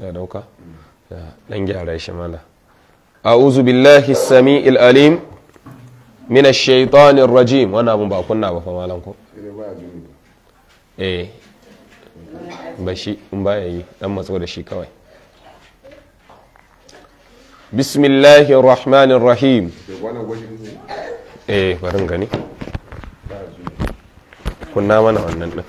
ya dauka dan gyara shi mala a'udhu billahi samiil alim min shaitanir rajim wannan abun ba kunna ba fa malan ko eh ba shi in ba yayi dan matso da shi kawai bismillahir rahmanir rahim eh barin gani kunna mana wannan din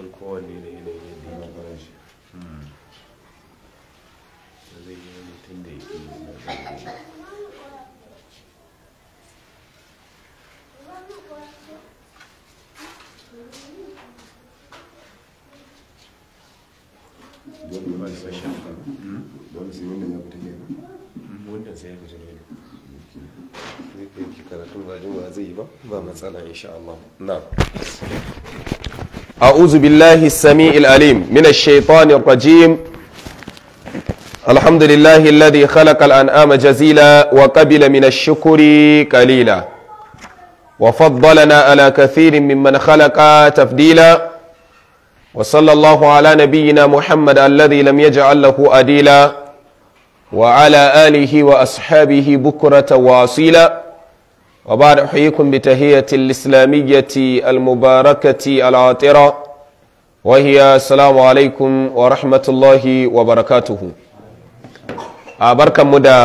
din kowanne da yanayin yadda yake bayan shi hmm. zai yi wani tun da yake Dole ba ba. Hmm? Hmm, zai karatun ba zai yi ba ba matsala insha Allah na أعوذ بالله السميع العليم من الشيطان الرجيم الحمد لله الذي خلق الأنعام جزيلا وقبل من الشكر قليلا وفضلنا على كثير ممن خلق تفديلا وصلى الله على نبينا محمد الذي لم يجعل له أديلا وعلى آله وأصحابه بكرة واصيلا وبعد أحييكم بتهية الإسلامية المباركة العاطرة وهي السلام عليكم ورحمة الله وبركاته أبارك مدى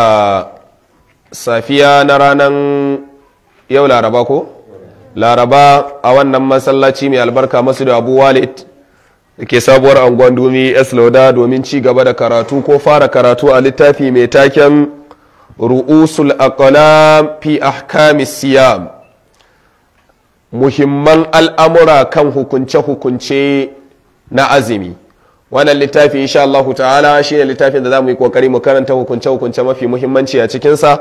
safiya na ranar yau laraba ko laraba a wannan masallaci mai albarka masu da abu ke sabuwar angon Dumi esloda domin ci gaba da karatu ko fara karatu a littafi mai taken ru'usul aqlam fi ahkamis siyam muhimman al'amura kan hukunce-hukunce na azumi wannan littafi insha Allah ta'ala shine littafin da zamu yi kokari mu karanta hukunce-hukunce mafi muhimmanci a cikin sa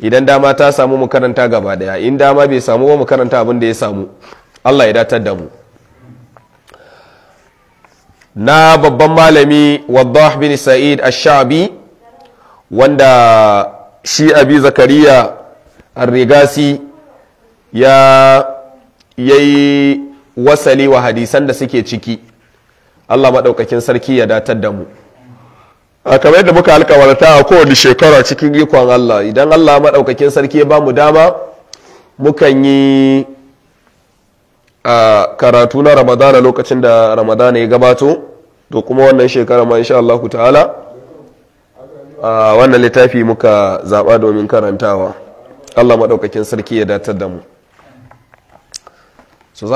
idan dama ta samu mu karanta gaba daya in dama bai samu ba mu karanta abin da ya samu Allah ya datar da mu na babban malami wadah bin sa'id ash-shabi wanda shi abi zakariya arrigasi ya yi wasali wa hadisan da suke ciki Allah maɗaukakin sarki ya datar da mu a kamar yadda muka alkawarta a kowane shekara cikin ikon Allah idan Allah maɗaukakin sarki ya ba mu dama mukan yi a karatu na ramadana lokacin da ramadana ya gabato to kuma wannan shekara ma insha allahu ta'ala a wannan littafi muka zaba domin karantawa allah maɗaukakin sarki ya datar da mu su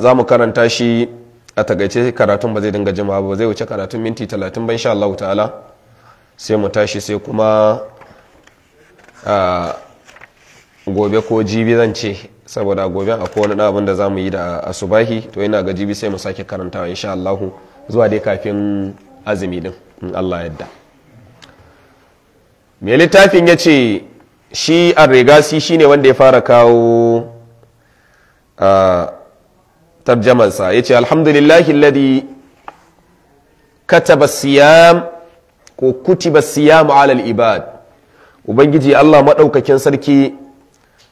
za mu karanta shi a tagaice karatun ba zai dinga jima ba zai wuce karatun minti talatin ba insha allahu ta'ala sai mu tashi sai kuma gobe ko jibi zan ce saboda gobe a wani abin da za mu yi da asubahi to yana ga jibi sai mu sake karantawa insha allahu zuwa dai kafin azumi din in allah yadda mai littafin ya ce shi shi ne wanda ya fara kawo tarjamansa ya ce alhamdulillahi ladi kataba siyam ko kutiba siyam alal ibad ubangiji allah maɗaukakin sarki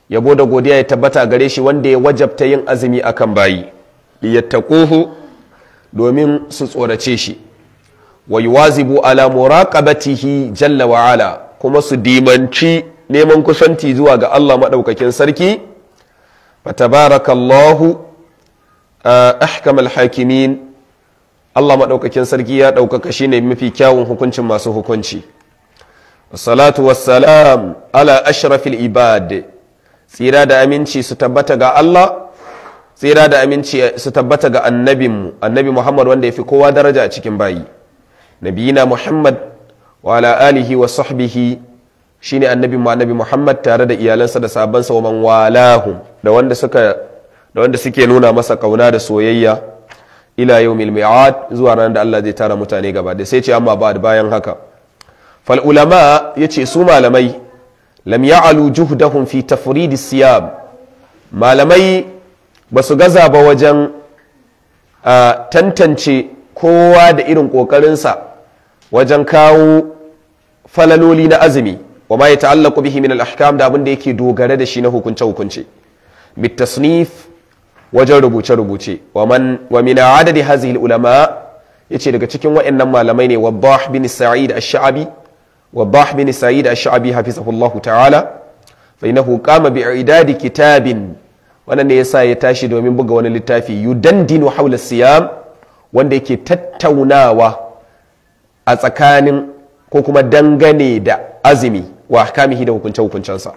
yabo da godiya ya tabbata gare shi wanda ya wajabta yin azumi akan bayi kuhu domin su tsorace shi wa yuwazibu ala muraqabatihi jalla wa ala kuma su dimanci neman kusanci zuwa ga Allah maɗaukakin sarki fatabarakallahu eh, ahkamal hakimin Allah maɗaukakin sarki ya ɗaukaka shi ne mafi kyawun hukuncin masu hukunci salatu wassalam ala ashrafil ibad tsira da aminci su tabbata ga Allah tsira da aminci su tabbata ga annabinmu annabi Muhammad wanda ya fi kowa daraja a cikin bayi nabiyina Muhammad wa alihi wa sahbihi shine annabi mu annabi Muhammad tare da iyalansa da sabansa wa man walahum da wanda suka da wanda suke nuna masa kauna da soyayya ila yawmil mi'ad zuwa ranar da Allah zai tara mutane gaba da sai ce amma ba bayan haka fal ulama yace su malamai lam ya'alu juhdahum fi tafrid siyam malamai basu gaza ba wajen tantance kowa da irin kokarinsa wajen kawo falaloli na azumi wa ma ta'allaku bihi min al-ahkam da abin da yake dogara da shi na hukunce hukunce bit tasnif wajen rubuce rubuce wa man wa min adadi hazihi al-ulama yace daga cikin waɗannan malamai ne wabbah bin sa'id ash-sha'bi wabbah bin sa'id ash-sha'bi hafizahullahu ta'ala fa innahu qama bi i'dadi kitabin wannan ne yasa ya tashi domin buga wani littafi yudandinu haula siyam wanda yake tattaunawa a tsakanin ko kuma dangane da azumi wa kamihi da hukunce hukuncensa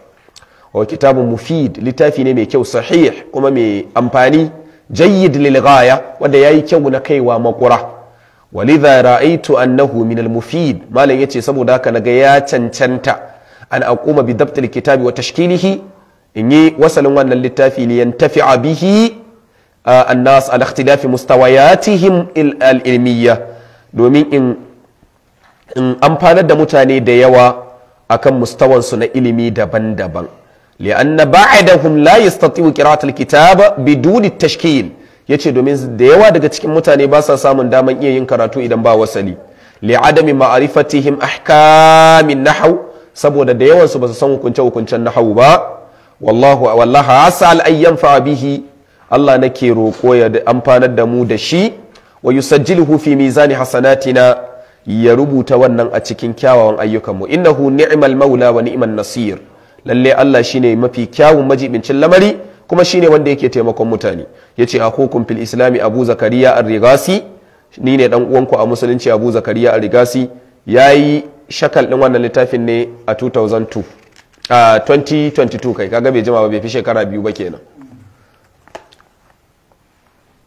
wa kitabun mufid littafi ne mai kyau sahih kuma mai amfani jayyid lilghaya wanda yayi kyau na kaiwa makura walidha ra'aytu annahu min al mufid malam yace saboda haka naga ya cancanta an aquma bi dabtil kitabi wa tashkilihi in yi wasalin wannan littafi li yantafi'a bihi annas al ikhtilafi mustawayatihim al ilmiyya domin in in amfanar da mutane da yawa akan mustawansu na ilimi daban-daban li'anna ba'dahum la yastati'u qira'atul kitaba biduni tashkil yace domin da yawa daga cikin mutane ba sa samun daman iya yin karatu idan ba wasali li'adami ma'rifatihim ahkamin nahw saboda da yawan su ba su san hukunce hukuncen nahwu ba wallahu wallahi asal ayyan fa bihi Allah nake roƙo ya amfanar da mu da shi wa yusajjiluhu fi mizani hasanatina ya rubuta wannan a cikin kyawawan ayyukanmu innahu ni'mal maula wa ni'man nasir lalle Allah shine mafi kyawun majibincin lamari kuma shine wanda yake taimakon mutane yace hukum fil islami abu zakariya ar-rigasi ni ne dan uwanku a musulunci abu zakariya ar-rigasi yayi shakal din wannan littafin ne a 2002 a 2022 kai kaga bai jima ba bai fi shekara biyu ba kenan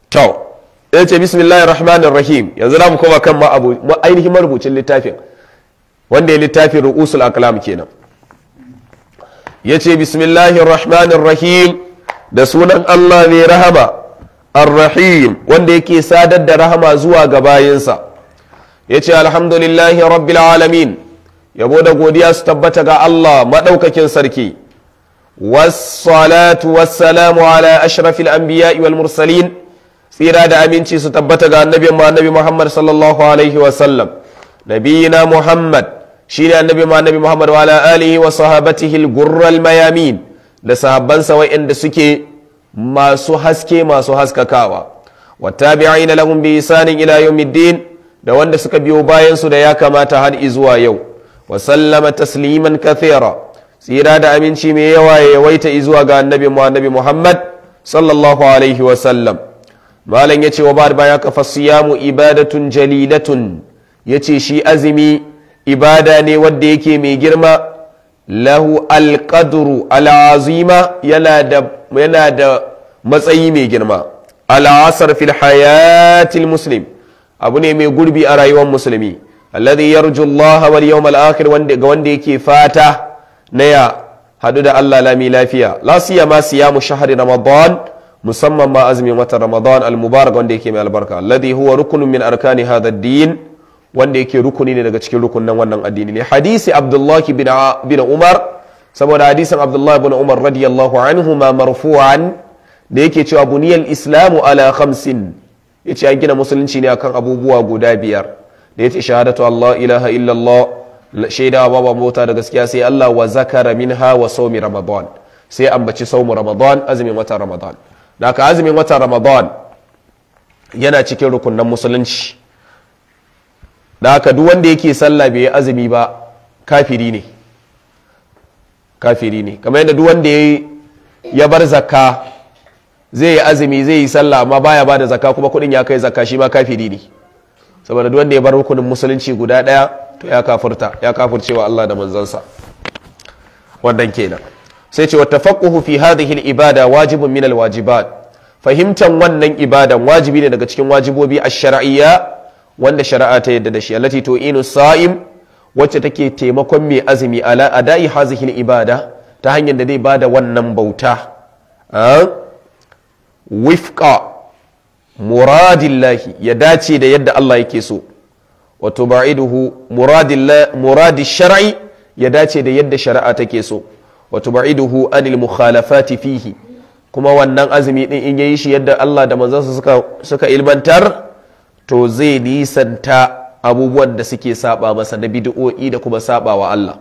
to ya ce bismillahir rahmanir rahim yanzu za mu koma kan ainihin marubucin littafin wanda ya littafin ru'usul aqlam kenan ya ce bismillahir rahmanir rahim da sunan Allah mai rahama ar-rahim wanda yake sadar da rahama zuwa ga bayinsa ya ce alhamdulillahi rabbil alamin yabo da godiya su tabbata ga Allah maɗaukakin sarki wassalatu wassalamu ala ashrafil anbiya'i wal mursalin tsira da aminci su tabbata ga annabi ma annabi Muhammad sallallahu alaihi wa sallam nabiyina Muhammad shine annabi ma annabi Muhammad wa ala alihi wa sahabatihi al mayamin da sahabbansa wa'anda suke masu haske masu haskakawa wa tabi'ina lahum bi isanin ila yawmiddin da wanda suka biyo bayan su da ya kamata har zuwa yau wa sallama tasliman kathira tsira da aminci mai yawa ya yawaita zuwa ga annabi annabi Muhammad sallallahu alaihi wa sallam malam ya ce wa ba baya ka fasiyamu ibadatun jalilatun yace shi azumi ibada ne wanda yake mai girma lahu alqadru alazima yana da yana da matsayi mai girma al'asar fil hayatil muslim abu ne mai gurbi a rayuwar musulmi alladhi yarju Allah wal yawm al akhir wanda ga wanda yake fata na ya hadu da Allah lami lafiya la siyama siyamu shahri ramadan musamman ma azumin watan ramadan almubarak wanda yake mai albarka alladhi huwa rukunun min arkani hadha din wanda yake rukuni ne daga cikin rukunin wannan addini ne hadisi abdullahi bin umar saboda hadisin abdullahi bin umar radiyallahu anhu ma marfu'an da yake cewa buniyal islamu ala khamsin yace an gina musulunci ne akan abubuwa guda biyar da yace shahadatu allah ilaha illallah shaida babu mota da gaskiya sai allah wa zakara minha wa sawmi ramadan sai ambaci sawmu ramadan azumin watan ramadan da ka azumin wata ramadan yana cikin rukunan musulunci da haka duk wanda yake sallah bai yi azumi ba kafiri ne kafiri ne kamar yadda duk wanda ya bar zakka zai yi azumi zai yi sallah amma baya ba da zakka kuma kudin ya kai zakka shi ma kafiri ne saboda duk wanda ya bar rukunin musulunci guda daya to ya kafurta ya kafurcewa Allah da manzansa wannan kenan sai ce wata fi hadhihi ibada wajibin minal wajibat fahimtar wannan ibadan wajibi ne daga cikin wajibobi a shar'iyya wanda shari'a ta yadda da shi allati to inu sa'im wacce take taimakon mai azumi ala adai hadhihi ibada ta hanyar da zai bada wannan bauta wifqa muradillahi ya dace da yadda Allah yake so wato ba'iduhu muradil shar'i ya dace da yadda shari'a take so wa tub'iduhu anil mukhalafati fihi kuma wannan azumi din in yayi shi yadda Allah da manzansa suka suka ilmantar to zai nisanta abubuwan da suke saba masa na bid'o'i da kuma saba allah. Allah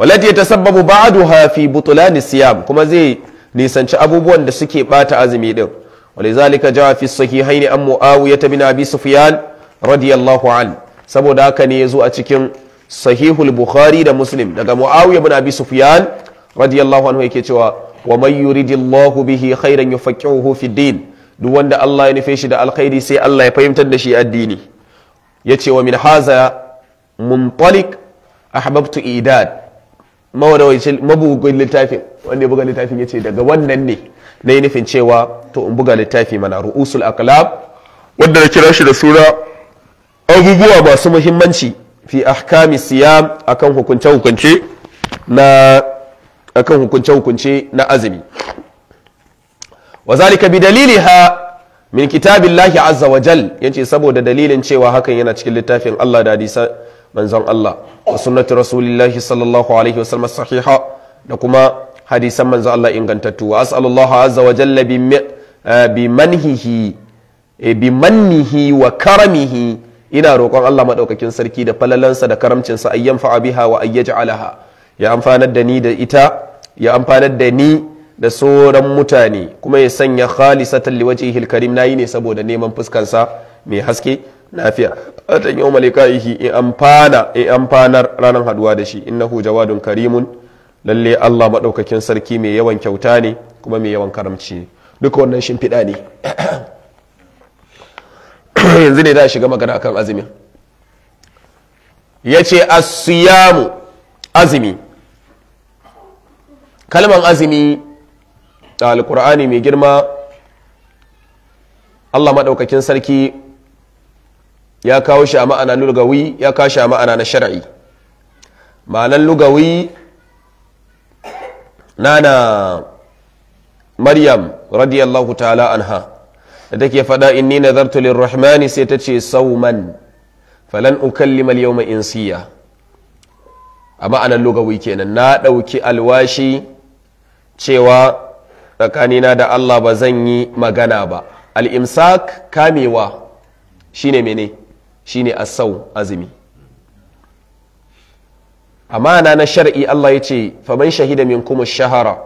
walati yatasabbabu ba'daha fi butlan siyam kuma zai nisanci abubuwan da suke bata azumi din ولذلك جاء في الصحيحين عن معاوية بن أبي سفيان رضي الله عنه saboda haka ne ya zo a cikin sahihul bukhari da muslim daga muawiya bin abi sufiyan radiyallahu anhu yake cewa wa yuridillahu bihi khairan yufaqihuhu fid din duk wanda Allah ya nufe shi da alkhairi sai Allah ya fahimtar da shi addini ce wa min haza muntalik ahbabtu idad mawadawacin mabugin littafin wanda ya buga littafin yace daga wannan ne na nufin cewa to in buga littafi mana ru'usul aqlab wanda na kira shi da sura abubuwa masu muhimmanci fi ahkami siyam akan hukunce hukunce na akan hukunce hukunce na azumi wa zalika bi ha min kitabillahi azza wa jal yace saboda dalilin cewa hakan yana cikin littafin Allah da hadisa manzon Allah wa sunnati rasulillahi sallallahu alaihi wa sallam sahiha da kuma hadisan manzon Allah ingantattu wa as'alullahu azza wa jalla bi eh, manhihi eh, bi mannihi wa karamihi ina roƙon Allah maɗaukakin sarki da falalansa da karamcinsa a fa'a biha wa alaha ya amfanar da ni da ita ya amfanar da ni da sauran mutane kuma ya sanya waje liwajhihi na yi ne saboda neman fuskansa mai haske nafiya atan yawma liqaihi in amfana in amfanar ranar haduwa da shi innahu jawadun karimun lalle Allah madaukakin sarki mai yawan kyauta ne kuma mai yawan karamci duka wannan shimfiɗa ne yanzu ne za shiga magana akan azumi ya ce asiyamu azumi kalman azumi a alkur'ani mai girma allah maɗaukakin sarki ya kawo shi a ma'ana lugawi ya kawo shi a ma'ana na shari'i ma'anan lugawi na maryam radiyallahu ta'ala anha da take faɗa in inni nazartu lirrahmani sai ta ce sauman falan ukallima al-yawma insiya a ma'anar lugawi kenan na ɗauki alwashi cewa tsakanina da Allah ba zan yi magana ba alimsak kamewa shine mene shine asau azumi amana na shar'i Allah ya ce faman shahida min kuma shahara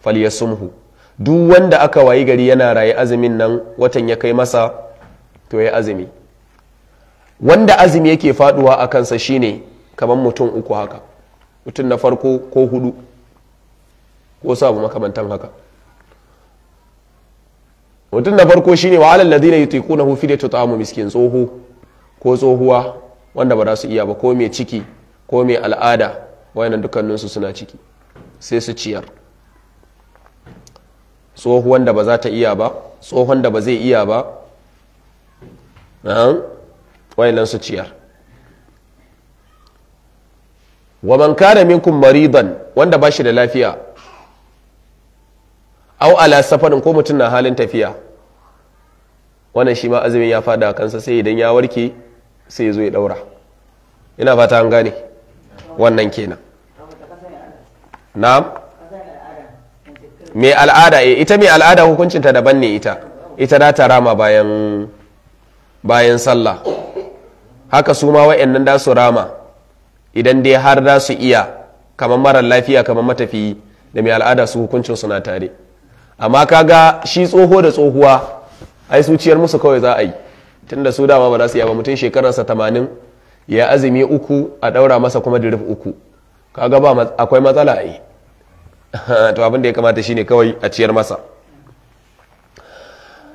falyasumhu duk wanda aka wayi gari yana raye azumin nan watan ya kai masa to ya azumi wanda azumi yake faduwa a kansa shine kamar mutum uku haka mutum na farko ko hudu ko sabu makamantan haka mutum na farko shine wa alal ladina yutiqunahu ta ta'amu miskin tsoho ko tsohuwa wanda ba za su iya ba ko mai ciki ko mai al'ada wayannan dukkaninsu suna ciki sai su ciyar tsohuwan da ba za ta iya ba tsohon da ba zai iya ba na'am wayannan su ciyar wa man kana minkum maridan wanda ba shi da lafiya au ala safarin ko mutum na halin tafiya wannan shi ma azumin ya fada kansa sai idan ya warke sai ya zo ya ɗaura. ina fata an gane wannan kenan Na. mai al'ada eh, ita mai al'ada hukuncinta daban ne ita ita da ta rama bayan bayan sallah haka su ma wa'annan da su rama idan dai har da su iya kamar marar lafiya kamar matafiyi da mai al'ada su hukuncin suna tare amma ga shi tsoho da tsohuwa ai su ciyar musu kawai za a yi tunda su dama ba za su iya ba mutum sa tamanin ya azumi uku a daura masa kuma dirif uku kaga ba akwai matsala a yi to abin da ya kamata shine kawai a ciyar masa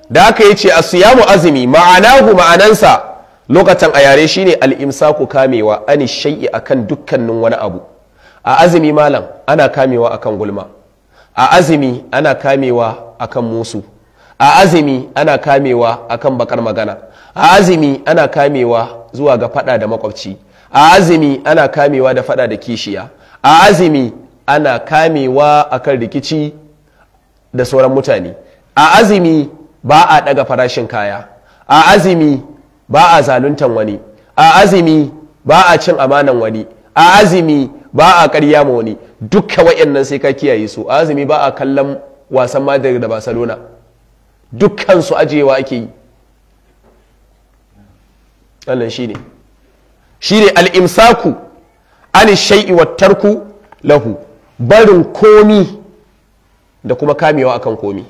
da aka yi ce asiyamu azumi ma'anahu ma'anansa lokacin a yare shine al'imsaku kamewa ani shay'i akan dukkanin wani abu a azumi malam ana kamewa akan gulma a azumi ana kamewa akan musu a azumi ana kamewa akan bakar magana a azumi ana kamewa zuwa ga fada da makwabci a azumi ana kamewa da fada da kishiya a azumi ana kamewa akan rikici da sauran mutane a azumi ba a daga farashin kaya a azumi ba a zaluntan wani a azumi ba a cin amanan wani a azumi ba a karya ma wani dukkan wayannan sai ka kiyaye su a azumi ba a kallon wasan Madrid da Barcelona dukkan ajiyewa ake yi wannan shine shine al-imsaku an shay'i wat tarku lahu barin komi da kuma kamewa akan komi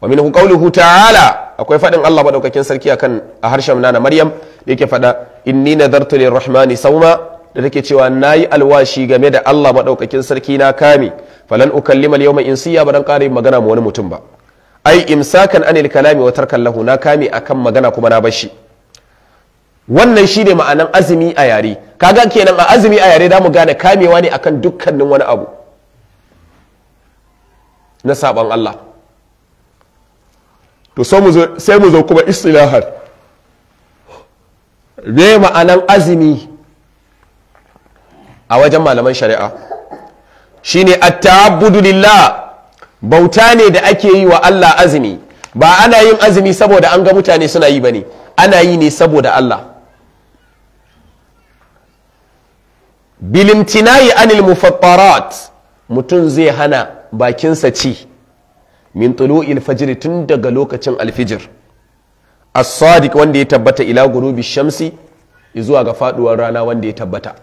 wa minhu qawluhu ta'ala akwai fadin Allah madaukakin sarki akan a harshen nana Maryam da yake fada inni nadartu lirrahmani sauma da take cewa nayi alwashi game da Allah madaukakin sarki na kame falan ukallima al-yawma insiya ba dan magana ma wani mutum ba ai imsakan anil kalami wa tarkan lahu na kame akan magana kuma na bashi wannan shi ne ma'anan azumi a yare kaga kenan a azumi a yare mu gane kamewa ne akan dukkanin wani abu na saban Allah to sai mu zo kuma istilahar me ma'anan azumi a wajen malaman shari'a shine ne, lillah bauta ne da ake yi wa Allah azumi ba ana yin azumi saboda an ga mutane suna yi ba ne. ana yi ne saboda Allah bilimtinayi anil mufattarat mutum zai hana bakinsa ci min tulu fajr tun daga lokacin alfijir as-sadiq wanda ya tabbata ila gurubi shamsi zuwa ga faduwar rana wanda ya tabbata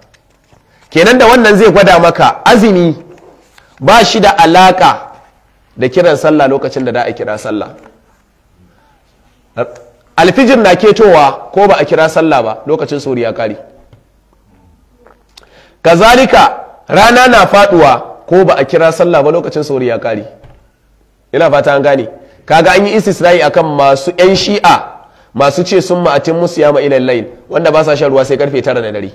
kenan da wannan zai gwada maka azumi ba shi da alaka da kiran sallah lokacin da da a kira sallah alfijir na ketowa ko ba a kira sallah ba lokacin suri ya ƙare. kazalika rana na faduwa ko ba a kira sallah ba lokacin sauri ya kare ina fata an gane kaga an yi istisnai akan masu yan shi'a masu ce sun ma'atin musu yama ilal layl wanda ba sa shan ruwa sai karfe tara na dare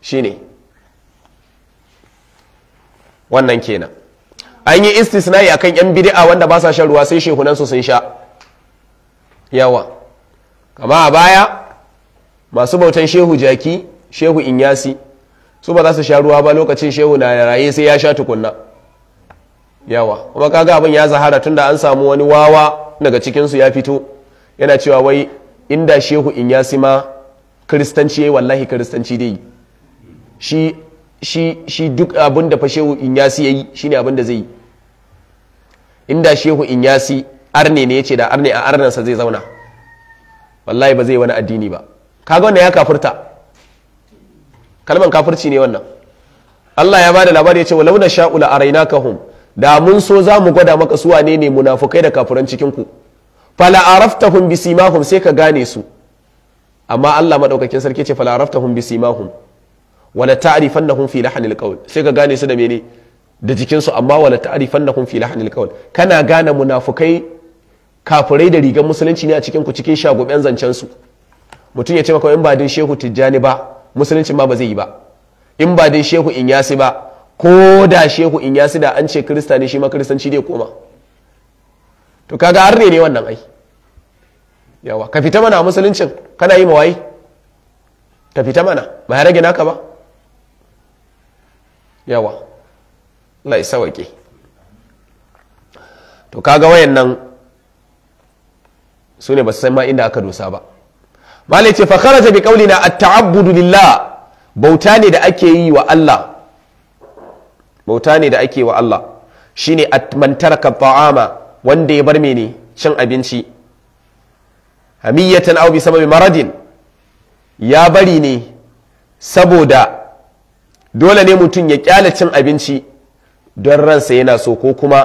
shine wannan kenan an yi istisnai akan yan bid'a wanda ba sa shan ruwa sai shehunan su sun sha yawa kama a baya masu bautan shehu jaki shehu in yasi su ba za su sha ruwa ba lokacin shehu na raye sai ya sha tukunna yawa kuma kaga abin ya zahara tunda an samu wani wawa daga cikinsu ya fito yana cewa wai inda shehu in yasi ma kiristanci yayi wallahi kiristanci dai shi shi duk abin da fa shehu in inyasi yayi shine abin da zai yi inda shehu in yasi arne ne yace da arne a arnansa zai zauna wallahi ba zai wani addini ba kaga wanda ya kafurta kalmar kafirci ne wannan Allah ya bada labari ya ce walau raina ka hum. da mun so za mu gwada maka su wane ne munafukai da kafiran cikin ku fala araftahum bisimahum sai ka gane su amma Allah madaukakin sarki ce fala araftahum bisimahum wala ta'rifannahum fi lahnil qawl sai ka gane su da mene da jikinsu amma wala ta'rifannahum fi lahnil qawl kana gane munafukai kafirai da rigar musulunci ne a cikin ku cikin shaguben zancen su mutum ya ce maka in ba din shehu tijjani ba musulunci ma ba zai yi ba in ba dai shehu in yasi ba ko da shehu in yasi da an ce krista ne shi ma kiristanci dai koma to kaga har ne wannan ai yawa ka fita mana musuluncin kana yi mawaye ka fita mana ba ya rage naka ba yawa Lai ya sawake to kaga wayannan su ne ba su san ma inda aka dosa ba malai ce fa kharaja bi na at-ta'abbudu lillah bauta ne da ake yi wa Allah bauta ne da ake wa Allah shine man taraka ta'ama wanda ya bar mene cin abinci hamiyatan aw bi sababi maradin ya bari ne saboda dole ne mutum ya kyala cin abinci don ransa yana so ko kuma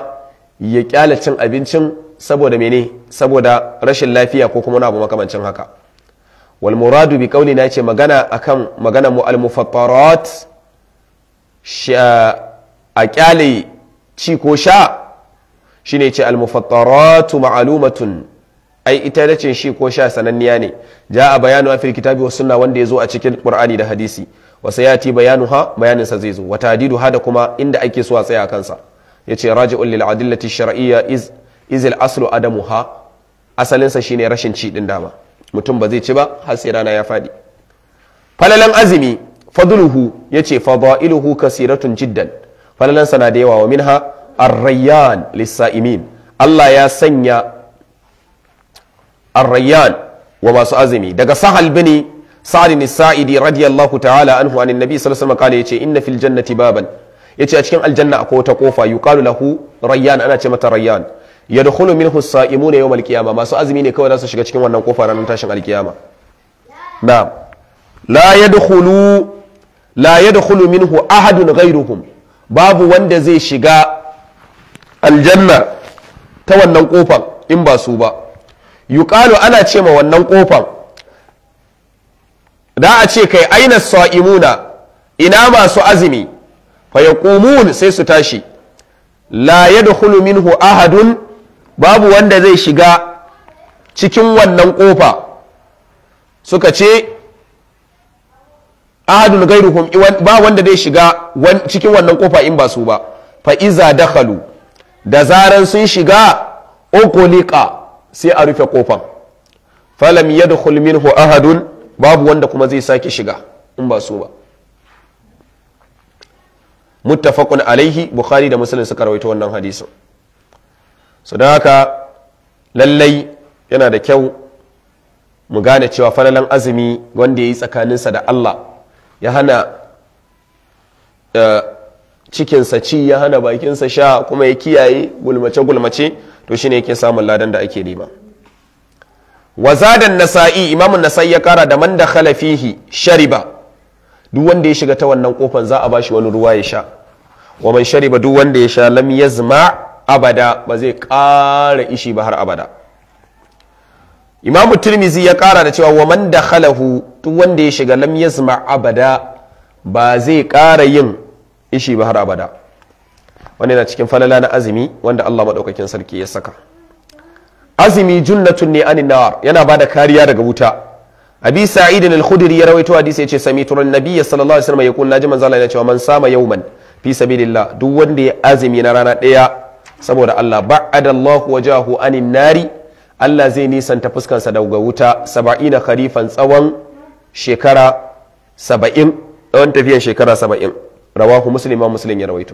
ya kyala cin abincin saboda mene saboda rashin lafiya ko kuma wani abu makamancin haka walmuradu bi kauli na ce magana akan magana mu almufattarot a kyale ci ko sha shine ce al mufattaratu ma'lumatun ai ita da ce shi ko sha sananniya ne ja a bayanu a kitabi wa wanda ya zo a cikin qur'ani da hadisi ya sayati bayanu ha bayaninsa sa zai zo wata hadidu ha da kuma inda ake so a tsaya a kansa yace raji'un lil adillati shar'iyya iz iz al aslu adamuha asalin sa shine rashin ci din dama mutum ba zai ci ba har sai rana ya faɗi falalan azumi fadluhu yace fadailuhu kasiratun jiddan falalan sana da yawa wa minha ar-rayyan lis-sa'imin Allah ya sanya ar-rayyan wa masu azumi daga sahal bini sa'ad bin sa'idi radiyallahu ta'ala anhu anin nabi sallallahu alaihi wasallam yace inna fil jannati baban yace a cikin aljanna akwai wata kofa yuqalu lahu rayyan ana ce mata rayyan yadkhulu min husa imu yawm yau malkiyama masu azumi ne kawai za su shiga cikin wannan kofa ranar tashin al-qiyama na'am la ahadun ghayruhum babu wanda zai shiga aljanna ta wannan kofan in ba su ba yuqalu ana ce ma wannan kofan. da a ce kai aina sa'imuna ina masu azumi fayaqumun sai su tashi la yadkhulu minhu ahadun babu wanda zai shiga cikin wannan ƙofa suka ce ahadun gairuhum ba wanda zai shiga cikin wannan ƙofa in ba su ba fa'iza dakhalu da zaran sun shiga okolika sai a rufe ƙofan falam yadkhul minhu ahadun babu wanda kuma zai sake shiga in ba su ba muttafaqun alaihi bukhari da muslim suka rawaito wannan hadisin su don haka lallai yana da kyau mu gane cewa falalan azumi wanda ya yi tsakaninsa da allah ya hana eh, cikinsa ci ya hana bakinsa sha kuma ya kiyaye gulmace-gulmace to shine yake samun ladan da ake nema wazadan nasa'i imamun nasa'i ya kara da man da khalafihi shariba duk wanda ya shiga ta wannan kofan za a bashi wani ruwa ya sha wa man shariba duk wanda ya sha lam yazma abada ba zai ƙara ishi ba har abada imamu turmizi ya kara da cewa waman da halahu duk wanda ya shiga lam zama abada ba zai ƙara yin ishi ba har abada wani yana cikin falala na azumi wanda Allah maɗaukakin sarki ya saka azumi junnatun ne anin nawar yana ba da kariya daga wuta abi sa'idin al-khudri ya rawaito hadisi ya ce sami turan nabiyyi sallallahu alaihi wasallam ya na naji manzo Allah ya ce man sama yawman fi sabilillah duk wanda ya azumi na rana ɗaya saboda Allah ba'adallahu wajahu anin nari Allah zai nisanta fuskansa daga wuta saba'ina kharifan tsawon shekara saba'in tsawon tafiyan shekara saba'in rawahu muslim ma muslim ya rawaito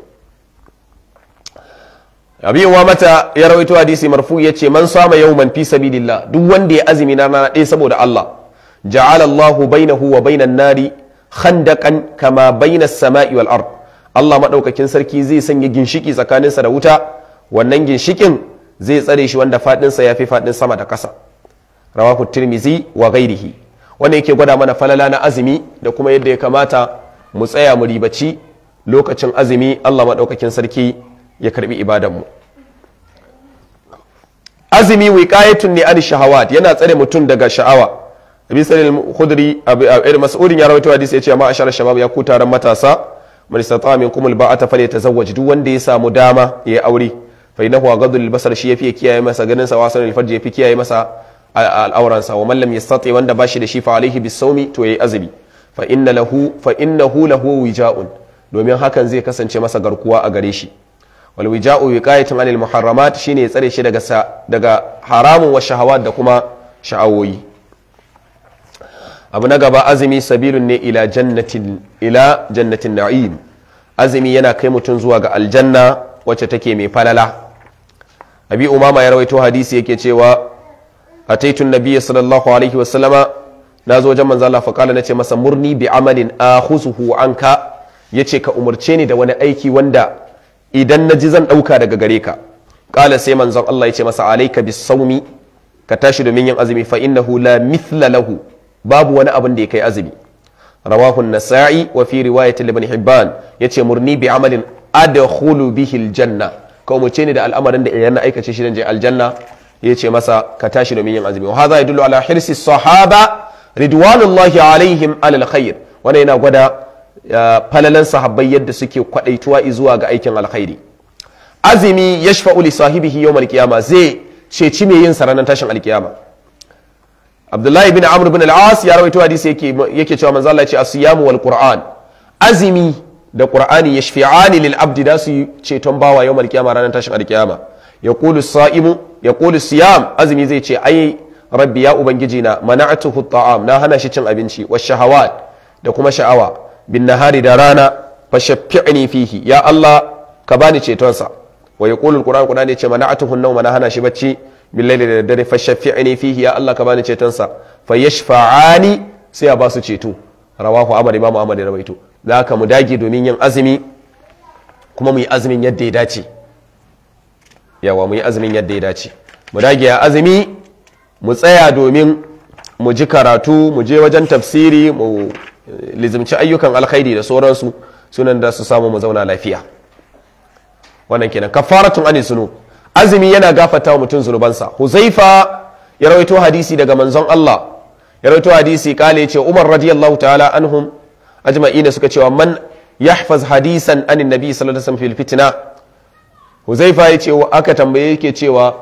abin wa mata ya rawaito hadisi marfu ya ce man sama yawman fi sabilillah duk wanda ya azumi na rana ɗaya saboda Allah ja'ala Allahu bainahu wa bainan nari khandaqan kama bainas sama'i wal ard Allah madaukakin sarki zai sanya ginshiki tsakaninsa da wuta wannan ginshikin zai tsare shi wanda faɗinsa ya fi faɗin sama da kasa rawa tirmizi wa gairihi wanda yake gwada mana falala na azumi da kuma yadda ya kamata mu tsaya mu ribaci lokacin azumi Allah maɗaukakin sarki ya karbi mu. azumi wiqayatun ne al shahawat yana tsare mutum daga sha'awa abi salil khudri abi ibn mas'ud ya rawaito hadisi yace ma ashar shabab ya kutaran matasa man istata minkum al ba'ata falyatazawwaj duk wanda ya samu dama ya aure fa innahu ghadul basar shi yafi kiyaye masa ganin sa wasan alfarji yafi kiyaye masa al'auran sa wa man lam yastati wanda bashi da shi fa bis sawmi to yayi azumi fa inna lahu fa innahu lahu wija'un domin hakan zai kasance masa garkuwa a gare shi wal wija'u wiqayatun anil muharramat shine ya tsare shi daga daga haramun wa shahawat da kuma sha'awoyi abu na gaba azumi sabilun ne ila jannatin ila jannatin na'im azumi yana kai mutum zuwa ga aljanna wacce take mai falala abi umama ya rawaito hadisi yake cewa A taitun nabiyyi sallallahu alaihi wasallama na zo wajen manzo Allah faqala nace masa murni bi amalin akhusuhu anka yace ka umarce ni da wani aiki wanda idan na ji zan ɗauka daga gare ka Kala sai manzan. Allah ya ce masa alayka bis sawmi ka tashi domin yin azumi fa innahu la mithla lahu babu wani abin da ya kai azumi Rawahun nasai wa fi riwayat ibn hibban ce murni bi amalin adkhulu bihi aljanna mu ce ni da al'amarin da idan na aikace shi dan je aljanna ya ce masa ka tashi domin yin azumi wa hadha yadullu ala hirsi sahaba ridwanullahi alaihim ala alkhair wanda yana gwada falalan sahabbai yadda suke kwadaituwa zuwa ga aikin alkhairi azumi yashfa'u li sahibihi yawm alqiyama zai ceci me yin saranan tashin alkiyama abdullahi bin amr ibn al-as ya rawaito hadisi yake yake cewa manzo Allah ya ce as-siyamu wal qur'an azumi da qur'ani yashfi'ani lil abdi da su ceton bawa yau malkiyama ranar tashin alkiyama ya yaqulu sa'imu yaqulu siyam azumi zai ce ai rabbi ya ubangiji na mana'atuhu ta'am na hana shi cin abinci wa shahawat da kuma sha'awa bin nahari da rana fa shaffi'ni fihi ya Allah ka bani cetonsa wa yaqulu alquran ya ce mana'atuhu nawm na hana shi bacci bil laili da dare fa shaffi'ni fihi ya Allah ka bani cetonsa fa yashfa'ani sai a ba su ceto rawahu amr imam ahmad ya rawaito Za ka mu dage domin yin azumi kuma mu yi azumin yadda ya dace yawa mu yi azumin yadda ya dace mu dage ya azumi mu tsaya domin mu ji karatu mu je wajen tafsiri mu eh, lizimci ayyukan alkhairi da sauransu sunan da su samu mu zauna lafiya wannan kenan kafaratun ani sunu azumi yana gafata mutum zunubansa huzaifa ya rawaito hadisi daga manzon Allah ya rawaito hadisi kale ce Umar radiyallahu ta'ala anhum ajma'i da suka cewa man yahfaz hadisan anin nabi sallallahu alaihi wasallam fil fitna huzaifa ya ce aka tambaye yake cewa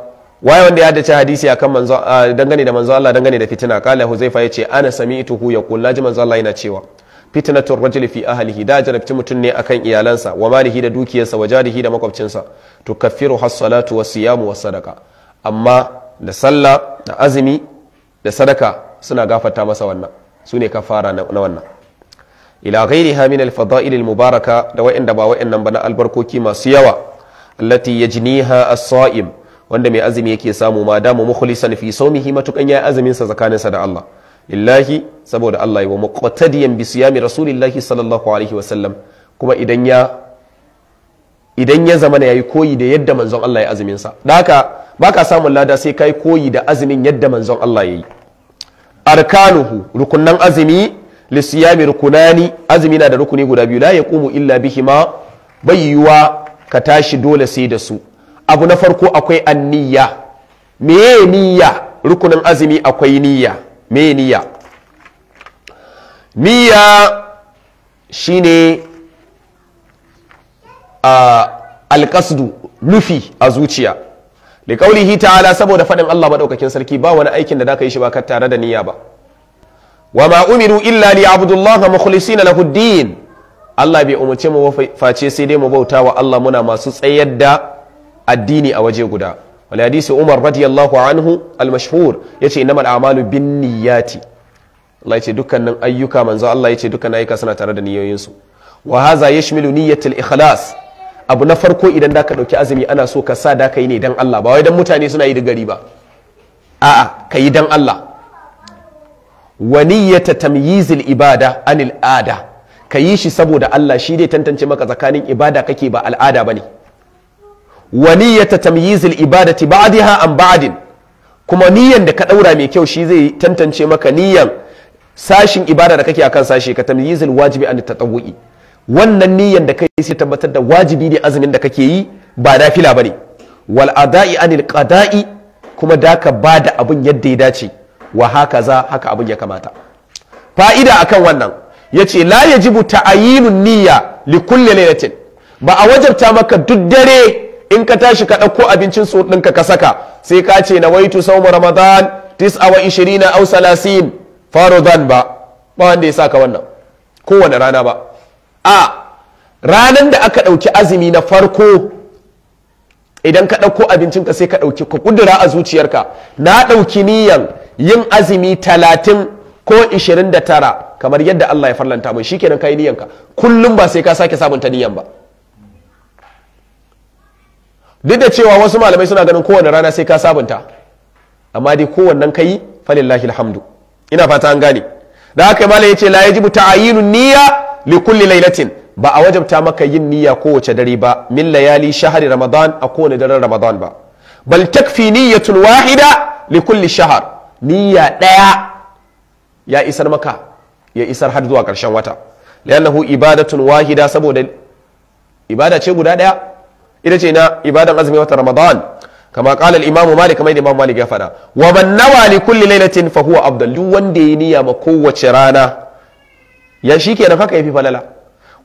waye wanda ya dace hadisi akan manzo dangane da manzo Allah dangane da fitina kala huzaifa ya ce ana sami'tuhu yaqul laji manzo Allah yana cewa fitnatur rajuli fi ahlihi da jarabci mutun ne akan iyalansa wa malihi da dukiyarsa wa jarihi da makwabcinsa tu has-salatu was-siyamu was-sadaqa amma da sallah da azumi da sadaka suna gafarta masa wannan sune ne kafara na wannan ila ghairiha min al-fada'il al-mubaraka da wa'anda ba wa'annan ba na albarkoki masu yawa allati yajniha as-sa'im wanda mai azumi yake samu ma damu mukhlisan fi sawmihi matukan ya azumin sa sa da Allah lillahi saboda Allah wa muqtadiyan bi siyami rasulillahi sallallahu alaihi wa sallam kuma idan ya idan ya zama yayi koyi da yadda manzon Allah ya azumin sa da haka baka samun lada sai kai koyi da azumin yadda manzon Allah yayi arkanuhu rukunnan azumi lisiyami rukunani azumi na da rukuni guda biyu la kumu illa bihima bai yiwuwa ka tashi dole sai da su abu na farko akwai anniya meye niyya rukunin azumi akwai niyya meye niyya niyya shine a alƙasdu nufi a zuciya da ƙaunihi ta'ala saboda faɗin Allah maɗaukakin sarki ba wani aikin da za ka yi shi ba tare da niyya ba wa ma umiru illali li abdullahi mukhlisina lahu din Allah bai umarce mu face sai dai mu bauta wa Allah muna masu tsayar da addini a waje guda wal hadisi Umar radiyallahu anhu al mashhur yace innamal a'malu bin niyyati Allah yace dukkanin ayyuka manzo Allah yace dukkan ayyuka suna tare da niyoyinsu wa hadha yashmilu niyyatul ikhlas abu na farko idan da ka dauki azumi ana so ka sa da kai ne dan Allah ba wai dan mutane suna yi da gari ba a'a kai dan Allah waniyata tamyizil ibada anil ada ka yi shi saboda Allah shi dai tantance maka tsakanin ibada kake ba al'ada bane waniyata tamyizil ibadati ba'daha an ba'din kuma niyan da ka daura mai kyau shi zai tantance maka niyan sashin ibada da kake akan sashi ka tamyizil wajibi an tatawwi wannan niyan da kai sai tabbatar da wajibi ne azumin da kake yi ba nafila bane wal ada'i anil qada'i kuma da ka bada abun yadda ya dace wa haka za haka abin ya kamata fa'ida a kan wannan ya ce la yajibu ta'ayinun niyya li kulli lailatin ba a wajabta maka duk dare in ka tashi ka ɗauko abincin su ɗinka ka saka sai ka ce na waitu sau mu ramadan awa ishiri ishirina au salasin faro zan ba ba wanda ya saka wannan kowane rana ba a ranan da aka ɗauki azumi na farko idan ka ɗauko abincinka sai ka ɗauki ka ƙudura a zuciyarka na ɗauki niyan yin azumi talatin ko ishirin da tara kamar yadda Allah ya farlanta mai shikenan kai ka. kullum ba sai ka sake sabunta niyyan ba duk da cewa wasu malamai suna ganin kowane rana sai ka sabunta amma dai kowannen kai falillahi alhamdu ina fata an gane da haka malam yace la yajibu ta'ayinu niyya li kulli lailatin ba a wajabta maka yin niyya kowace dare ba min layali shahari ramadan a kowane daren ramadan ba bal takfi niyyatun wahida li kulli shahar niyya ɗaya ya isar maka ya isar har zuwa ƙarshen wata li'annahu ibadatun wahida saboda ibada ce guda ɗaya ita ce na ibadan azumi wata ramadan kama qala al-imamu malik kamar imam malik ya faɗa wa man nawa li kulli lailatin fa huwa afdal duk wanda ya niyya ma kowace rana ya shikenan haka yafi falala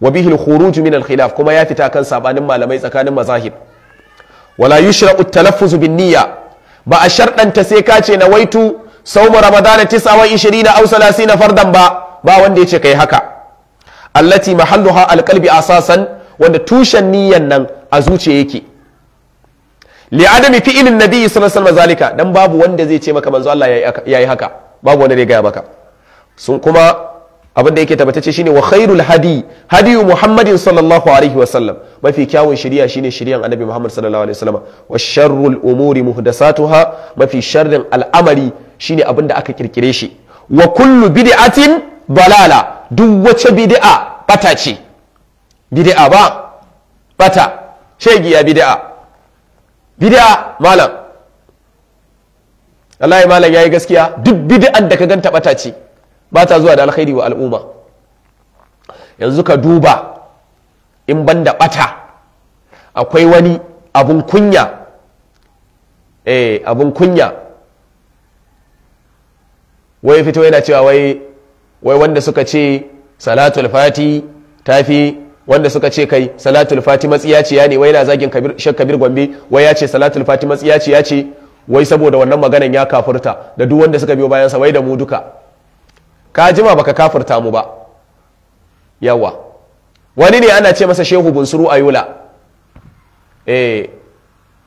wa bihi al-khuruj min al-khilaf kuma ya fita kan sabanin malamai tsakanin mazahib wala yushra'u at-talaffuz bin niyya ba a sharɗanta sai ka ce na waitu saumu ramadana tis'a wa ishirina aw salasina fardan ba ba wanda yace kai haka allati mahalluha alqalbi asasan wanda tushen niyyan nan a zuciya yake li adami fi'ilin nabi sallallahu alaihi zalika dan babu wanda zai ce maka manzo Allah yayi haka babu wanda zai gaya maka sun kuma abin da yake tabbatacce shine wa khairul hadi hadiyu muhammadin sallallahu alaihi wa sallam mafi kyawun shari'a shine shari'an annabi muhammad sallallahu alaihi wa sallam wa sharrul umuri muhdasatuha mafi sharrin al'amari shine abin da aka kirkire shi wa kullu bid'atin balala. duk wace bid'a bata ce bid'a ba bata ya bid'a bid'a malam wallahi malam yayi gaskiya duk bid'an da ka ganta bata ce Bata zuwa da alkhairi wa al'umma yanzu ka duba in banda bata akwai wani abun kunya eh abun kunya wai fito yana cewa wai wai wanda suka ce salatul fati tafi wanda suka ce kai salatul fati matsiyaciya ne wai yana zagin shek kabir gombe wai ya ce salatul fati matsiyaciya ce wai saboda wannan maganan ya kafurta da duk wanda suka biyo bayan sa wai da mu duka ka jima baka kafurta mu ba yawa wani ne ana ce masa shehu bunsuru ayola eh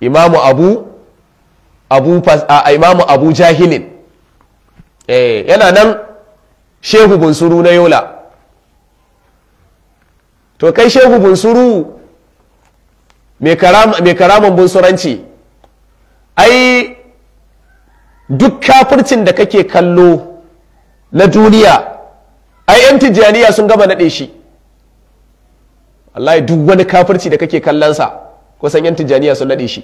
imamu abu abu imamu abu jahilin eh yana nan shehu bunsuru na yola to kai shehu bunsuru mai karamin bunsuranci ai duk kafircin da kake kallo na duniya ai 'yan tijjaniya sun gama naɗe shi wallahi duk wani kafirci da kake kallonsa kusan 'yan tijjaniya sun naɗe shi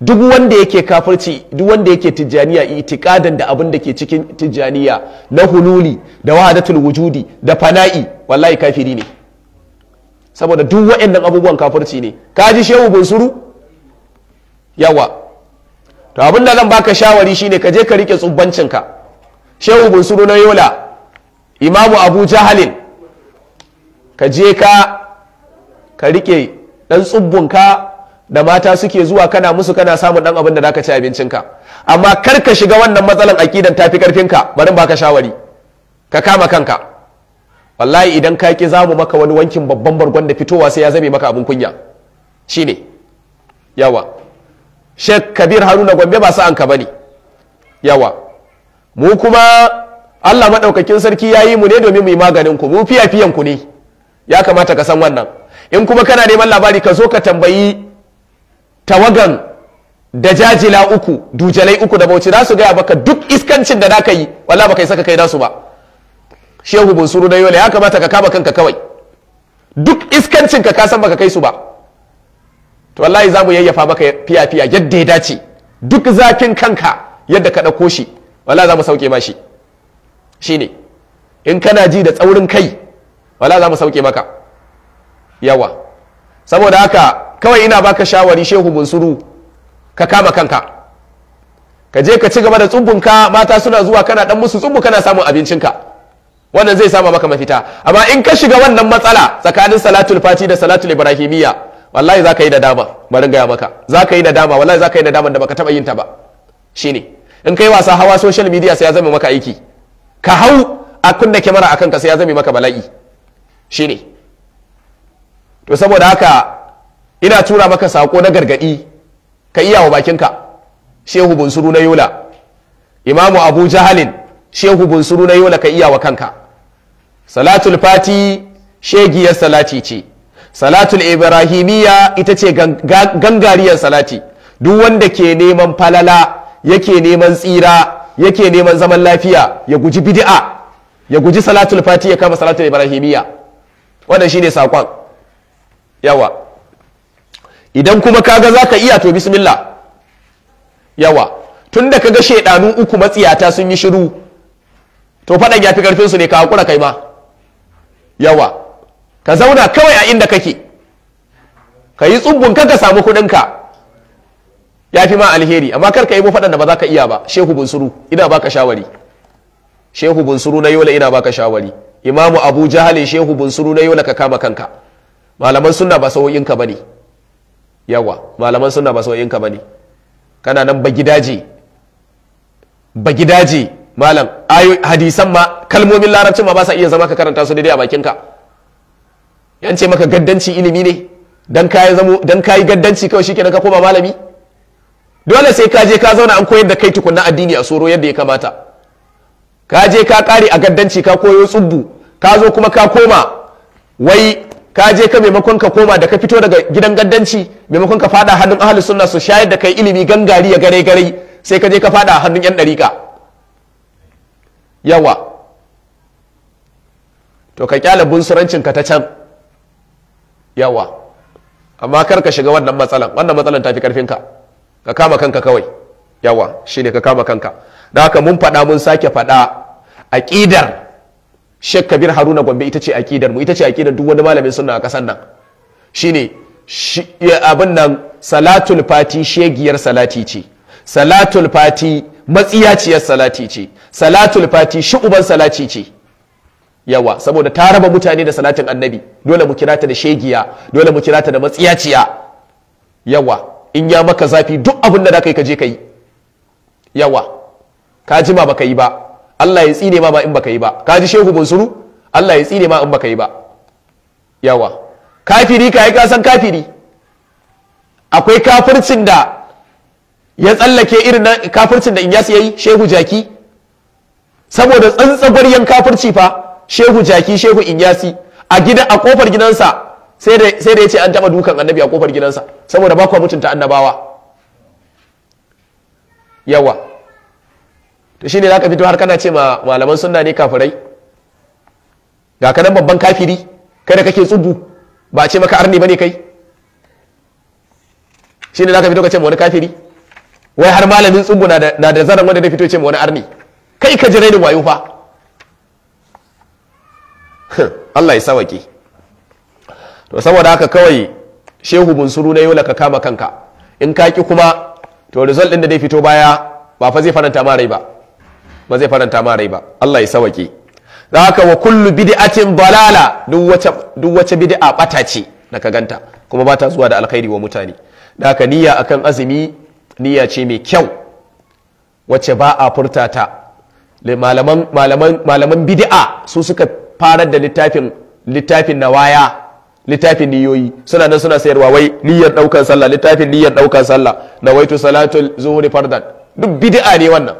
duk wanda yake kafirci duk wanda yake tijjaniya itikadan da abin da ke cikin tijjaniya na hululi da wahadatul wujudi da fana'i wallahi kafiri ne saboda duk waɗannan abubuwan kafirci ne ka ji shehu bunsuru yawa to abin da zan baka shawari shine ka je ka rike tsubbancinka shehu bunsuru na yola imamu abu jahalin ka je ka ka rike dan tsubbunka da mata suke zuwa kana musu kana samun dan abin da zaka ci abincin ka. amma kar ka shiga wannan matsalan akidan tafi karfinka bari baka shawari ka kama kanka wallahi idan ka ki zamu maka wani wankin babban bargon da fitowa sai ya zame maka abin kunya shine yawa Sheikh Kabir Haruna Gombe ba sa'an ka bane yawa mu kuma Allah madaukakin sarki yayi mu ne domin mu yi maganin ku mu fiya fiyan ku ne ya kamata ka san wannan in kuma kana neman labari ka zo ka tambayi tawagan da jajila uku dujalai uku da bauchi za su gaya baka duk iskancin da naka yi wala baka saka kai nasu ba shehu suru na yola ya kamata ka kama kanka kawai duk iskancin ka kasan baka kai su ba to wallahi za mu yayyafa maka fiya fiya yadda ya dace duk zafin kanka yadda ka ɗauko shi wallahi za mu sauke ma shi shine in kana ji da tsaurin kai wala za mu sauke maka yawa saboda haka kawai ina baka shawari shehu bunsuru ka kama kanka ka je ka ci gaba da tsubbunka mata suna zuwa kana dan musu tsubbu kana samun abincinka wannan zai sama maka mafita amma in ka shiga wannan matsala tsakanin salatul fati da salatul ibrahimiyya wallahi zaka yi nadama bari gaya maka zaka yi nadama wallahi zaka yi nadama da baka taba yin ta ba shine in kai wasa hawa social media sai ya zama maka aiki ka hau a kunna kyamara akan ka sai ya zame maka bala'i shine to saboda haka ina tura maka sako na gargadi ka iya wa bakinka shehu bunsuru na yola imamu abu jahalin shehu bunsuru na yola ka iya wa kanka salatul fati shegiyar salati ce salatul ibrahimiyya ita ce gangariyar salati duk wanda ke neman falala yake neman tsira yake neman zaman lafiya ya guji bid'a ya guji salatul fati ya kama salatul ibrahimiyya wannan shine sakon yawa idan kuma kaga za ka iya to bismillah yawa tun da kaga shaidanu uku matsiyata sun yi shiru to faɗan ya fi ƙarfinsu ne ka haƙura kai ma yawa ka zauna kawai a inda kake ka yi tsubbun ka samu kuɗinka ya fi ma alheri amma kar ka yi mu faɗan da ba za ka iya ba shehu bunsuru ina baka shawari shehu bunsuru na yola ina baka shawari imamu abu jahalin shehu bunsuru na yola ka kama kanka malaman sunna ba sawoyinka ba ne yawa malaman suna ba ka ba ne kana nan bagidaji bagidaji malam ayo hadisan ma kalmomin larabcin ma ba sa iya zama ka karanta su daidai a ka. yan ce maka gaddanci ilimi ne dan kayi zamo dan kayi gaddanci kawai shikenan ka koma malami dole sai ka je ka zauna an koyar da kai tukunna addini a soro yadda ya kamata ka je ka kare a gaddanci ka koyo tsubbu ka zo kuma ka koma wai ka je ka maimakon ka koma da ka fito daga gidan gaddanci maimakon ka fada hannun ahlus sunna su shayar da kai ilimi gangari ya gare gare sai ka je ka fada hannun yan dariƙa yawa to ka kyala bunsurancin ka ta can yawa amma kar ka shiga wannan matsalan wannan matsalan tafi karfin ka ka kama kanka kawai yawa shine ka kama kanka da haka mun faɗa mun sake faɗa aƙidar Sheikh Kabir Haruna Gombe ita ce aqidar mu ita ce aqidar duk wani malamin sunna a kasar nan shine abin nan salatul fati shegiyar salati ce salatul fati matsiyaciyar salati ce salatul fati shi'uban salati ce yawa saboda ta raba mutane da salatin annabi dole mu kirata da shegiya dole mu kirata da matsiyaciya yawa in ya maka zafi duk abin da za ka ka je ka yi yawa ka jima baka yi ba Allah ya tsine ma ba in baka yi ba ka ji shehu bunsuru Allah ya tsine ma in baka yi ba yawa kafiri ka yi kasan kafiri akwai kafircin da ya tsallake irin na kafircin da ya yi? shehu jaki saboda yan kafirci fa shehu jaki shehu Inyasi a gida a kofar gidansa sai da ya ce an taba dukan annabi a kofar gidansa saboda ba mutunta annabawa yawa to shine zaka fito har kana ce ma malaman sunna ne kafirai ga ka nan babban kafiri kai da kake tsubu ba ce maka arni bane kai shine zaka fito ka ce ma wani kafiri wai har malamin tsubu na da zaran wanda da fito ce ma wani arni kai ka ji rainin wayo fa Allah ya sawaki to saboda haka kawai shehu bunsuru na yola ka kama kanka in ka ki kuma to result din da dai fito baya ba fa zai faranta ma rai ba ba zai faranta ma rai ba Allah ya sawaki da haka wa kullu bid'atin balala duk wace duk wace bid'a bata ce da ka ganta kuma ba ta zuwa da alkhairi wa mutane da haka niyya akan azumi niyya ce mai kyau Wace ba a furta ta malaman malaman malaman bid'a su suka fara da littafin littafin nawaya littafin niyoyi suna nan suna sayarwa wai niyyar daukan sallah littafin niyyar daukan sallah nawaitu salatul zuhri fardan duk bid'a ne wannan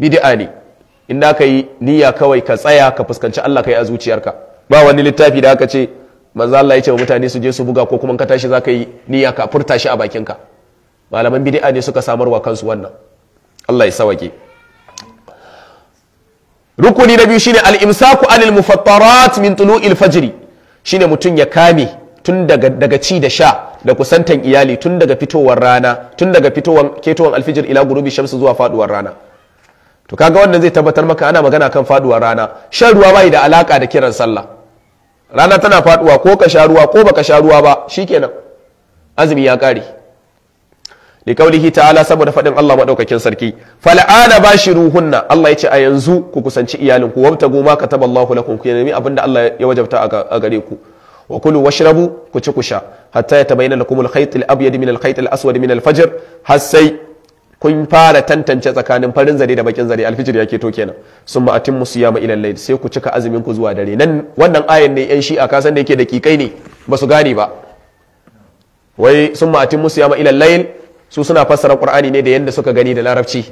bidi'a ne in da ka yi niyya kawai ka tsaya ka fuskanci Allah kai a zuciyarka ba wani littafi da aka ce manzo Allah ya ce wa mutane su je su buga ko kuma ka tashi zaka yi niyya ka furta shi a bakinka malaman bidi'a ne suka samarwa kansu wannan Allah ya sawake rukuni na biyu shine al-imsaku anil mufattarat min tulu'il fajr shine mutum ya kame tun daga daga ci da sha da kusantan iyali tun daga fitowar rana tun daga fitowar ketowar alfijir ila gurubi shamsu zuwa faduwar rana to kaga wannan zai tabbatar maka ana magana kan faduwar rana shan ruwa bai da alaka da kiran sallah rana tana faduwa ko ka sha ruwa ko baka sha ruwa ba shikenan azumi ya kare li kaulihi ta'ala saboda fadin Allah madaukakin sarki fal'ana bashiruhunna Allah yace a yanzu ku kusanci iyalin ku wabtagu ma kataballahu lakum ku nemi abinda Allah ya wajabta a gare ku wa kulu washrabu ku ci ku sha hatta yatabayyana lakum al-khayt al-abyad min al-khayt al-aswad min al-fajr har sai kun fara tantance tsakanin farin zare da bakin zare alfijir ya toke kenan sun ma musu ya ila layl sai ku cika azumin ku zuwa dare nan wannan ayan ne yan shi'a kasan da yake da kikai ne ba su gane ba wai sun ma musu ya ila layl su suna fassara qur'ani ne da yanda suka gani da larabci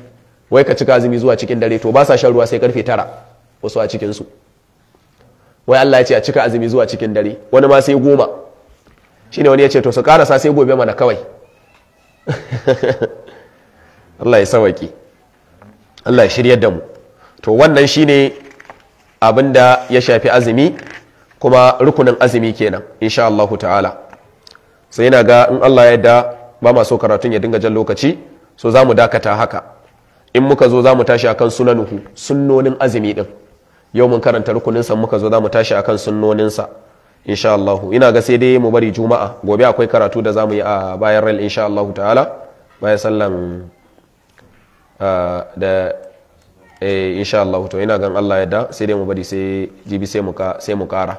wai ka cika azumi zuwa cikin dare to ba sa shan ruwa sai karfe tara wasu a cikin su wai Allah ya ce a cika azumi zuwa cikin dare wani ma sai goma shine wani ya ce to su karasa sai gobe mana kawai Allah ya sawaki Allah ya shirya da mu to wannan shine abinda ya shafi azumi kuma rukunin azumi kenan insha Allahu ta'ala sai yana ga in Allah ya yarda ba ma so karatun ya dinga jan lokaci so za mu dakata haka in muka zo za mu tashi akan sunanuhu sunnonin azumi din yau mun karanta rukunin sa muka zo za mu tashi akan sunnoninsa insha Allahu ina ga sai dai mu bari juma'a gobe akwai karatu da za mu yi a bayan rail insha Allahu ta'ala bayan sallan Ah, da eh, insha Allah to ina gan Allah yadda sai dai mu bari sai jibi sai mu sai mu kara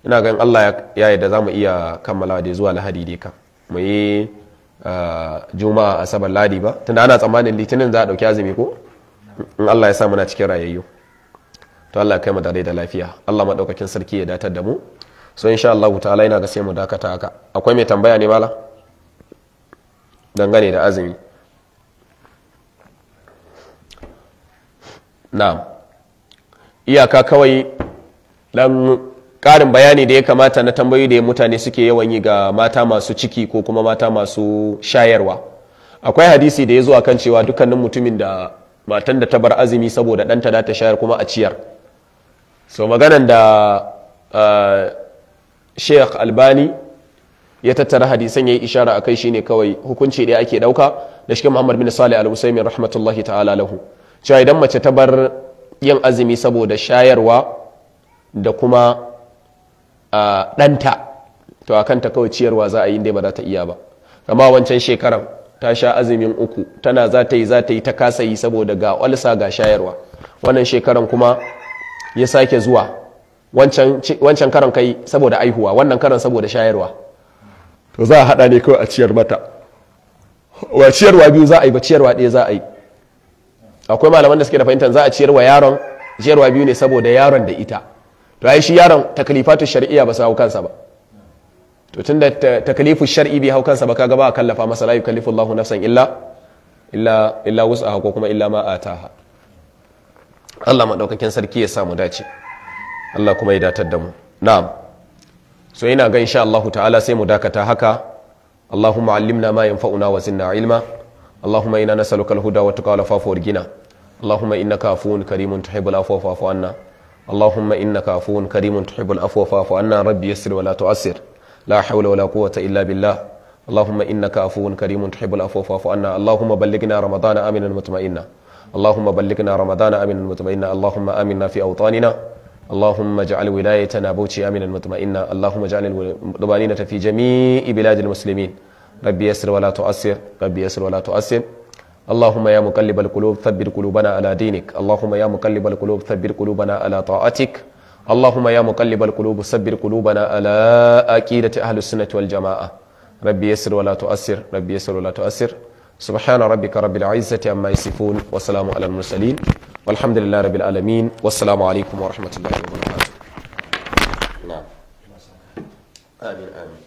ina gan Allah ya yadda zamu iya kammala da zuwa Lahadi dai ka mu yi ah, Juma'a Asabar Ladi ba tunda ana tsammanin Litinin za a dauki azumi ko in Allah ya sa muna cikin rayayyu to Allah ya kai mu da da lafiya Allah madaukakin sarki ya datar da mu so insha Allah ta'ala ina ga sai mu dakata haka akwai mai tambaya ne mala dangane da azumi na'am iyaka kawai dan karin bayani da ya kamata na tambayi da mutane suke yawan yi ga mata masu ciki ko kuma mata masu shayarwa akwai hadisi da ya zuwa kan cewa dukkanin mutumin da matan da ta bar azumi saboda ɗanta da ta shayar kuma a ciyar so maganan da uh, sheikh albani ya tattara hadisan ya yi ishara a kai shine kawai hukunci da ake ɗauka da shi muhammad bin salih al-usaimin rahmatullahi ta'ala lahu cewa idan mace ta bar yin azumi saboda shayarwa da kuma ɗanta to a kanta kawai ciyarwa za a yi dai ba za ta iya ba amma wancan shekaran ta sha azumin uku tana za ta yi za ta yi ta kasa yi saboda ga walsa ga shayarwa wannan shekaran kuma ya sake zuwa wancan karan kai saboda aihuwa wannan karan saboda shayarwa to za a haɗa ne kawai a ciyar mata wa ciyarwa biyu za a yi ba ciyarwa ɗaya za a yi akwai malaman da suke da fahimtar za a ciyarwa yaron ciyarwa biyu ne saboda yaron da ita to ai shi yaron takalifatu shar'iyya ba su hau kansa ba to tunda takalifu shar'i bai hau kansa ba kaga ba a kallafa masa la yukallifu Allahu nafsan illa illa illa wus'aha ko kuma illa ma ataha Allah madaukakin sarki ya samu dace Allah kuma ya datar da mu na'am so ina ga insha Allah ta'ala sai mu dakata haka Allahumma allimna ma yanfa'una wa zidna ilma اللهم إنا نسألك الهدى والتقى والعفاف والغنى اللهم إنك عفو كريم تحب العفو فاعف عنا اللهم إنك عفو كريم تحب العفو فاعف عنا ربي يسر ولا تعسر لا حول ولا قوة إلا بالله اللهم إنك عفو كريم تحب العفو فاعف عنا اللهم بلغنا رمضان آمنا مطمئنا اللهم بلغنا رمضان آمنا مطمئنا اللهم آمنا في أوطاننا اللهم اجعل ولايتنا بوشي آمنا مطمئنا اللهم اجعل الولاية في جميع بلاد المسلمين ربي يسر ولا تؤسر ربي يسر ولا تؤسر اللهم يا مقلب القلوب ثبت قلوبنا على دينك اللهم يا مقلب القلوب ثبت قلوبنا على طاعتك اللهم يا مقلب القلوب ثبت قلوبنا على أكيدة أهل السنة والجماعة ربي يسر ولا تؤسر ربي يسر ولا تؤسر سبحان ربك رب العزة عما يصفون وسلام على المرسلين والحمد لله رب العالمين والسلام عليكم ورحمة الله وبركاته نعم آمين آمين